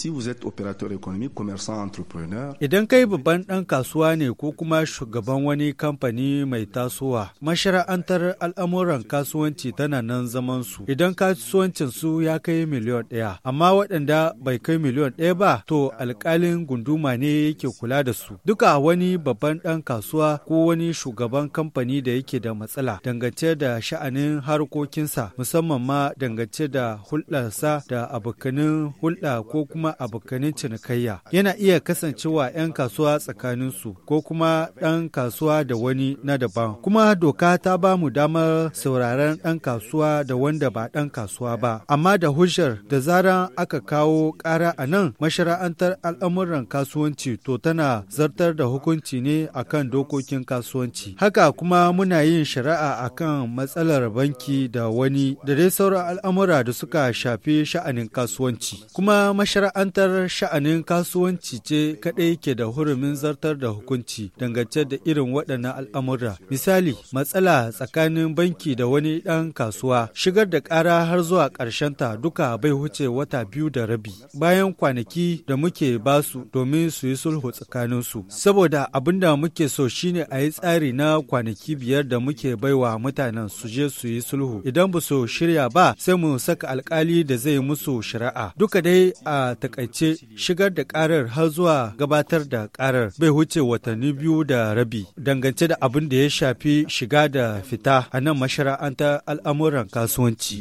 si vous êtes opérateur économique, commerçant, entrepreneur. Idan kai babban ɗan kasuwa ne ko kuma shugaban wani kamfani mai tasowa, mashara'antar al'amuran kasuwanci tana nan zaman su. Idan kasuwancin su ya kai miliyon ɗaya, amma waɗanda bai kai miliyon ɗaya ba, to alƙalin gunduma ne yake kula da su. Duka wani babban ɗan kasuwa ko wani shugaban kamfani da yake da matsala dangance da sha'anin harkokinsa, musamman ma dangance da hulɗarsa da abokanin hulɗa ko kuma kuma abokanin cinikayya yana iya kasancewa 'yan kasuwa tsakaninsu ko kuma ɗan kasuwa da wani na daban kuma doka ta ba mu damar sauraron yan kasuwa da wanda ba ɗan kasuwa ba amma da hujjar da zaran aka kawo kara a nan mashara'antar al'amuran kasuwanci to tana zartar da hukunci ne akan dokokin kasuwanci haka kuma muna yin shari'a akan matsalar banki da wani da dai sauran al'amura da suka shafi sha'anin kasuwanci kuma mashara'antar Masana'antar sha'anin kasuwanci ce kaɗai ke da hurumin zartar da hukunci dangance da irin waɗannan al'amura. Misali, matsala tsakanin banki da wani ɗan kasuwa, shigar da ƙara har zuwa ƙarshen ta duka bai wuce wata biyu da rabi. Bayan kwanaki da muke ba su domin su yi sulhu tsakaninsu. Saboda abin da muke so shine a yi tsari na kwanaki biyar da muke baiwa mutanen su je su yi sulhu. Idan ba su shirya ba, sai mu saka alkali da zai musu shari'a. Duka dai a takaice shigar da karar har zuwa gabatar da karar bai wuce watanni biyu da rabi dangance da abin da ya shafi shiga da fita a nan ta al'amuran kasuwanci.